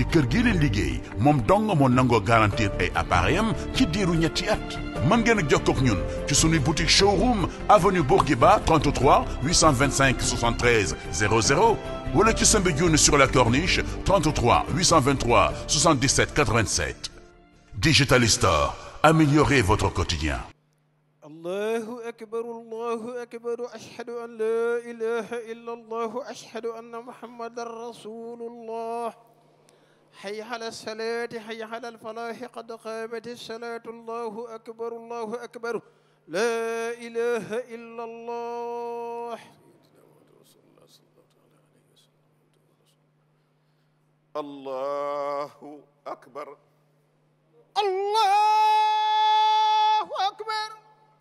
di kër gi leen liggéey moom dong moo nangoo garantir ay appareil am ci diiru ñetti at mën ngeen a jokkoo ak ñun ci suñuy boutique showroom avenue Bourguiba 33 825 73 00 wala ci Soumbédioune sur la corniche 33 823 77 87 Digital Store améliorez votre quotidien allahu akbar allahu akbar ashhadu an la ilaha illa allah ashhadu anna muhammadan rasulullah حي على الصلاة حي على الفلاح قد قامت الصلاة الله أكبر الله أكبر لا إله إلا الله الله أكبر الله أكبر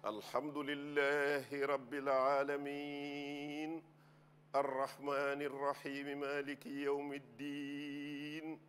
الحمد لله رب العالمين الرحمن الرحيم مالك يوم الدين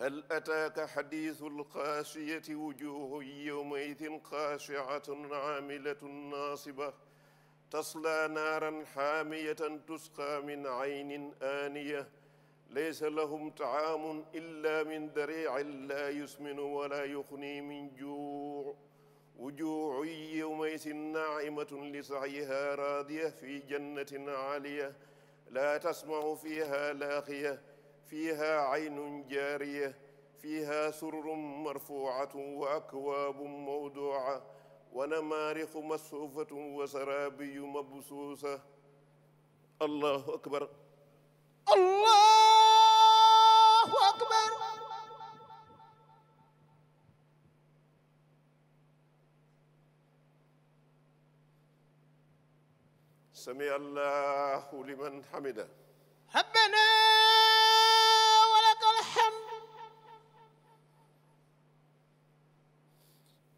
هل أتاك حديث القاسية وجوه يومئذ خاشعة عاملة ناصبة تصلى نارا حامية تسقى من عين آنية ليس لهم طعام إلا من ذريع لا يسمن ولا يغني من جوع وجوع يومئذ ناعمة لسعيها راضية في جنة عالية لا تسمع فيها لاخية fiiha aynun jaariya fiiha sururun marfuuatun wa akwaabun mawduuca wa namaarixu masfuufatun wa saraabiyu mabsuusa allahu akbar allahu akbar sami allahu liman hamida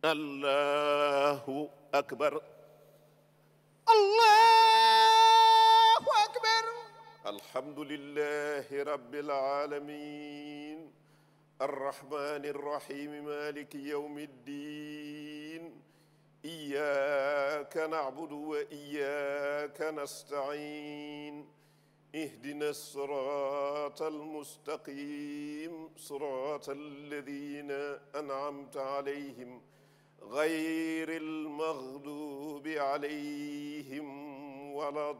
allahu akbar allahu akbar alhamdulillahi rabbil alamin الرحمن الرحيم مالك يوم الدين إياك نعبد وإياك نستعين اهدنا الصراط المستقيم صراط الذين أنعمت عليهم غير المغضوب عليهم ولا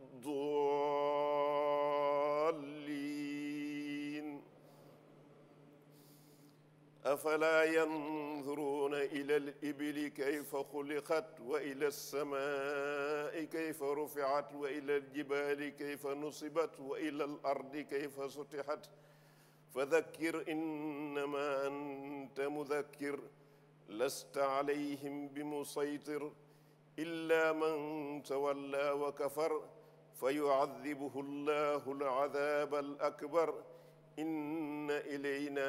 الضالين أفلا ينظرون إلى الإبل كيف خلقت وإلى السماء كيف رفعت وإلى الجبال كيف نصبت وإلى الأرض كيف سطحت فذكر إنما أنت مذكر lasta alayhim bi musaytir illa man tawalla wa kafar fa yuadibuhu llahu aladaaba alakbar inna ilayna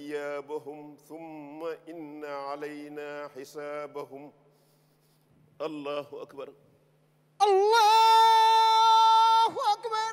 iyaabahum thumma inna alayna xisaabahum allahu akbar allahu akbar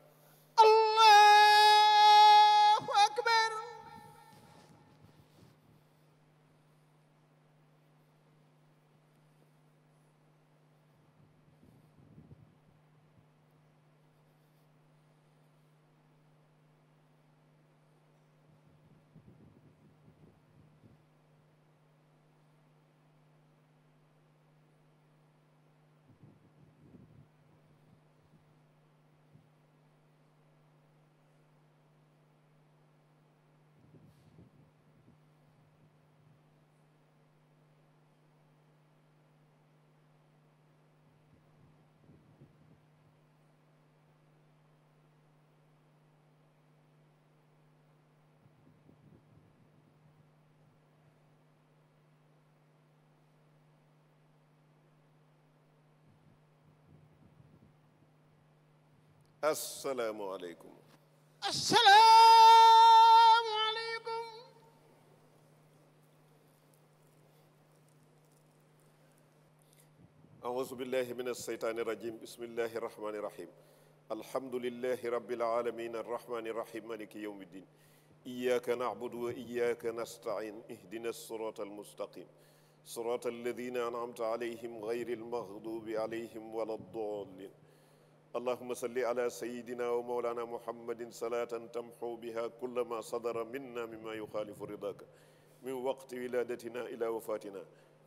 asalaamualeykum. asalaamualeykum. auzu billahi min asseytaani rajim bismillahi rahmaani rahim. alhamdulillahi rabbil aalamiin arrahmaani rahim maliki yawmi ddiin. iyyaka na'budu wa iyyaka nasta'iin ihdina siraatal mustaqiim. siraatal laziina an'amta alayhim gayril maghduubi alayhim wala ddaaliin. allahuma salli ala sayidina wa mawlana muhammadin salatan tamxu biha kulla ma sadara minna mima yuxaalifu ridaka min waqti wiladatina ila wafatina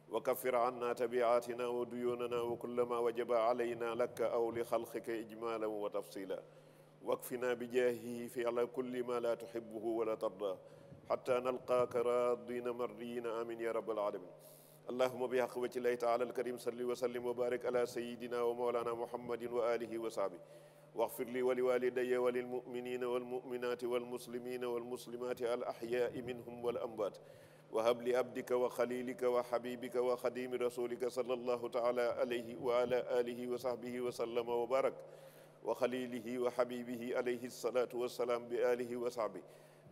wa kaffir anna tabiatina wa duyunana wa kulla ma wajaba alayna laka aw li xalqika ijmalan wa tafsila wakfina bijaahihi fi ala kulli ma la tuhibuhu wala tarda xata nalqaaka radina mardiyina amin ya rabbal alamin allahuma bi haq wacci lay taala alkarim salli wa sallim wa barik ala sayidina wa mawlana muhammadin wa alihi wa sahbi waxfir li wa liwalidaya wa lilmuminina walmuminati walmuslimina walmuslimati al ahyai minhum wal amwaat wa hab li abdika wa xalilika wa xabibika wa xadimi rasulika sallallahu taala alayhi wa ala alihi wa sahbihi wa sallama wa barak wa xalilihi wa xabibihi alayhi salatu wassalaam bi alihi wa sahbi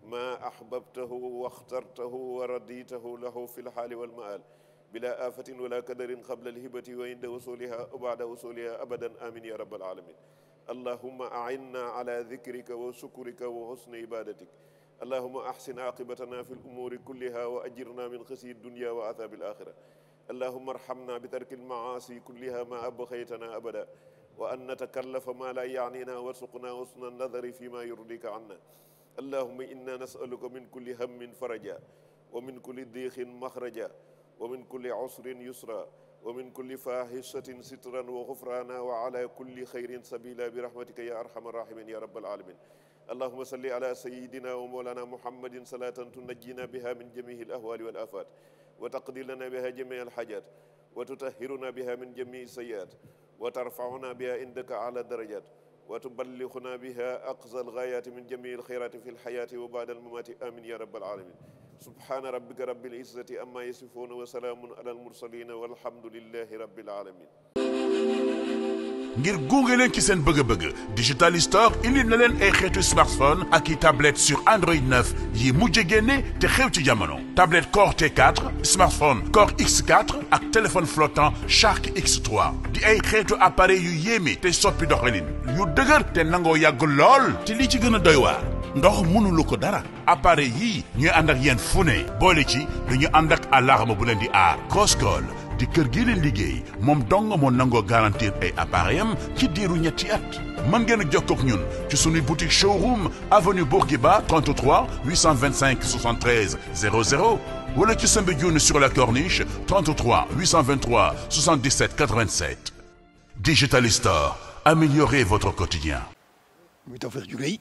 ma ahbabtahu wa axtartahu wa raditahu lahu fi lxaali walmaal bila afatin wala kadarin qabla alhibati wa inda wusuliha wa ba'da wusuliha abadan amin ya rabbal alamin allahumma a'inna ala dhikrika wa shukrika wa husni ibadatik allahumma ahsin aqibatana fi al-umuri kulliha wa ajirna min khizyi ad-dunya wa adhabi al-akhirah allahumma arhamna bi tarki al-ma'asi kulliha ma abqaytana abada wa an natakallafa ma la ya'nina warzuqna husna an-nadhari fima yurdika 'anna allahumma inna nas'aluka min kulli hammin faraja wa min kulli dhiqin makhraja wa min kulli usrin yusra wa min kulli fahishatin sitran wa ghufrana wa ala kulli khayrin sabila bi rahmatika ya arhamar rahimin ya rabbal alamin allahuma salli ala sayidina wa mawlana muhammadin salatan tunajjina biha min jamihi alahwali wal afat wa taqdi lana biha jamii alhajat wa tutahhiruna biha min jamii sayiat wa tarfauna biha indaka ala darajat وتبلغنا بها أقصى الغايات من جميع الخيرات في الحياة وبعد الممات آمين يا رب العالمين subhaana rabbika rabbil izzati amma yasifuuna wa salaamun alal mursaliina walhamdulillahi rabbil aalamiin ngir gunge leen ci seen bëgg-bëgg digital store indi na leen ay xeetu smartphone ak i tablet sur Android 9 yi mujj génne te xew ci jamono tablette Core T4 smartphone Core x ak téléphone flottant Shark X3 di ay xeetu appareil yu yéeme te soppi doxalin yu dëgër te nangoo yàgg lool te li ci gën a doy waar ndox mënulu ko dara appareil yii ñu ànd ak yéen fu boole ci dañu ànd ak alarme bu leen di aar Crosscall di kër gi leen liggéey moom dong moo nangoo garantir ay appareil am ci diiru ñetti at mën ngeen a ñun ci suñu boutique showroom avenue Bourguiba 33 825 73 00 wala ci Soumbédioune sur la corniche 33 823 77 87 Digital Store améliorez votre quotidien muy Tawfekh jugee